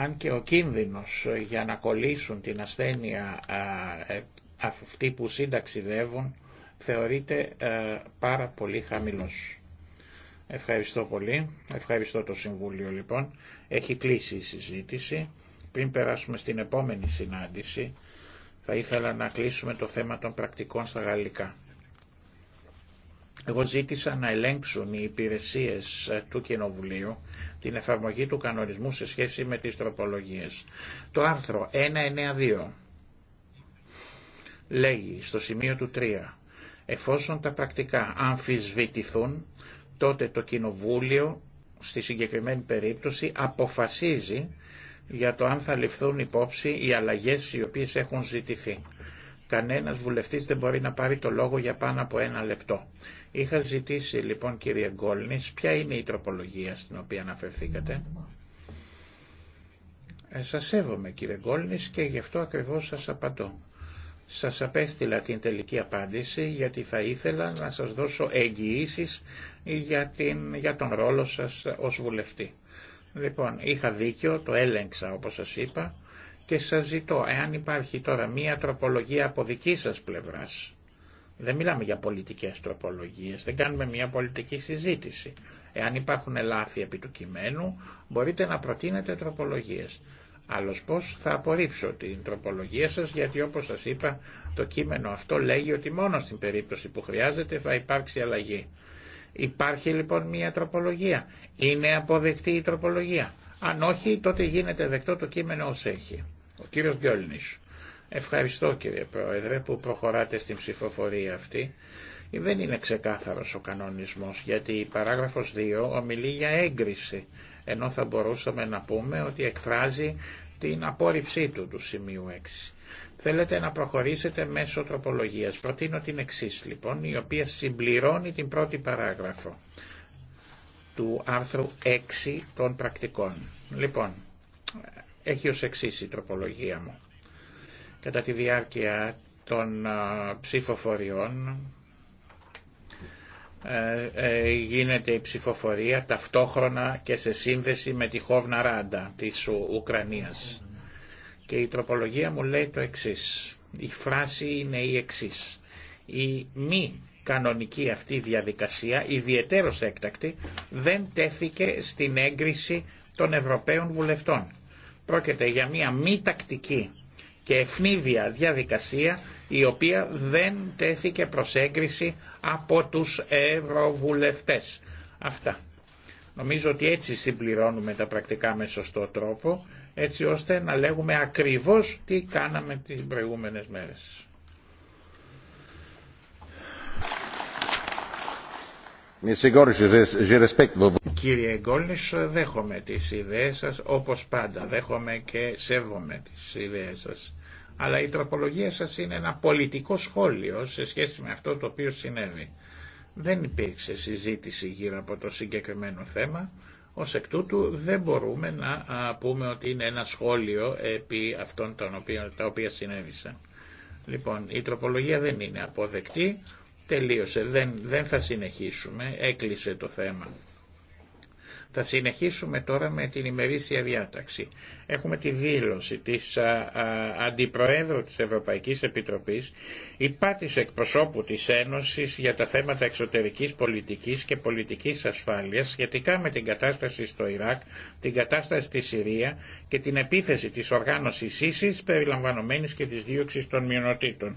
αν και ο κίνδυνος για να κολλήσουν την ασθένεια ε, αυτοί που συνταξιδεύουν θεωρείται ε, πάρα πολύ χαμηλός. Ευχαριστώ πολύ. Ευχαριστώ το Συμβούλιο λοιπόν. Έχει κλείσει η συζήτηση. Πριν περάσουμε στην επόμενη συνάντηση θα ήθελα να κλείσουμε το θέμα των πρακτικών στα γαλλικά. Εγώ ζήτησα να ελέγξουν οι υπηρεσίες ε, του Κοινοβουλίου την εφαρμογή του κανονισμού σε σχέση με τις τροπολογίες. Το άρθρο 192 λέγει στο σημείο του 3 εφόσον τα πρακτικά αμφισβητηθούν τότε το Κοινοβούλιο στη συγκεκριμένη περίπτωση αποφασίζει για το αν θα ληφθούν υπόψη οι αλλαγές οι οποίες έχουν ζητηθεί κανένας βουλευτής δεν μπορεί να πάρει το λόγο για πάνω από ένα λεπτό. Είχα ζητήσει λοιπόν κύριε Γκόλνης, ποια είναι η τροπολογία στην οποία αναφερθήκατε. Ε, σας σέβομαι κύριε Γκόλνης και γι' αυτό ακριβώς σας απαντώ. Σας απέστειλα την τελική απάντηση γιατί θα ήθελα να σας δώσω εγγυήσει για, για τον ρόλο σας ως βουλευτή. Λοιπόν, είχα δίκιο, το έλεγξα όπως σας είπα και σας ζητώ, εάν υπάρχει τώρα μία τροπολογία από δική σας πλευράς, δεν μιλάμε για πολιτικές τροπολογίες, δεν κάνουμε μία πολιτική συζήτηση. Εάν υπάρχουν λάθη επί του κειμένου, μπορείτε να προτείνετε τροπολογίες. Άλλος πώς θα απορρίψω την τροπολογία σας, γιατί όπως σας είπα, το κείμενο αυτό λέγει ότι μόνο στην περίπτωση που χρειάζεται θα υπάρξει αλλαγή. Υπάρχει λοιπόν μία τροπολογία. Είναι αποδεκτή η τροπολογία. Αν όχι, τότε γίνεται δεκτό το κείμενο ως έχει. Ο κύριος Γκιόλνης. Ευχαριστώ κύριε Πρόεδρε που προχωράτε στην ψηφοφορία αυτή. Δεν είναι ξεκάθαρος ο κανονισμός γιατί η παράγραφος 2 ομιλεί για έγκριση ενώ θα μπορούσαμε να πούμε ότι εκφράζει την απόρριψή του του σημείου 6. Θέλετε να προχωρήσετε μέσω τροπολογίας. Προτείνω την εξή λοιπόν, η οποία συμπληρώνει την πρώτη παράγραφο του άρθρου 6 των πρακτικών. Λοιπόν, έχει ως εξή η τροπολογία μου. Κατά τη διάρκεια των ψηφοφοριών ε, ε, γίνεται η ψηφοφορία ταυτόχρονα και σε σύνδεση με τη Χόβνα Ράντα της Ουκρανίας. Και η τροπολογία μου λέει το εξής. Η φράση είναι η εξής. Η μη κανονική αυτή διαδικασία, ιδιαίτερος έκτακτη, δεν τέθηκε στην έγκριση των Ευρωπαίων Βουλευτών. Πρόκειται για μια μη τακτική και ευνίδια διαδικασία η οποία δεν τέθηκε προς έγκριση από τους ευρωβουλευτές. Αυτά. Νομίζω ότι έτσι συμπληρώνουμε τα πρακτικά με σωστό τρόπο, έτσι ώστε να λέγουμε ακριβώς τι κάναμε τις προηγούμενες μέρες. Κύριε Γκόλνης, δέχομαι τις ιδέες σας όπως πάντα. Δέχομαι και σέβομαι τις ιδέες σας. Αλλά η τροπολογία σας είναι ένα πολιτικό σχόλιο σε σχέση με αυτό το οποίο συνέβη. Δεν υπήρξε συζήτηση γύρω από το συγκεκριμένο θέμα. Ως εκ τούτου δεν μπορούμε να πούμε ότι είναι ένα σχόλιο επί αυτών τα οποία συνέβησαν. Λοιπόν, η τροπολογία δεν είναι αποδεκτή. Τελείωσε. Δεν, δεν θα συνεχίσουμε. Έκλεισε το θέμα. Θα συνεχίσουμε τώρα με την ημερήσια διάταξη. Έχουμε τη δήλωση της α, α, Αντιπροέδρου της Ευρωπαϊκής Επιτροπής, υπάτης εκπροσώπου της Ένωσης για τα θέματα εξωτερικής πολιτικής και πολιτικής ασφάλειας σχετικά με την κατάσταση στο Ιράκ, την κατάσταση στη Συρία και την επίθεση της οργάνωσης ίσης περιλαμβανομένης και της δίωξης των μειονοτήτων.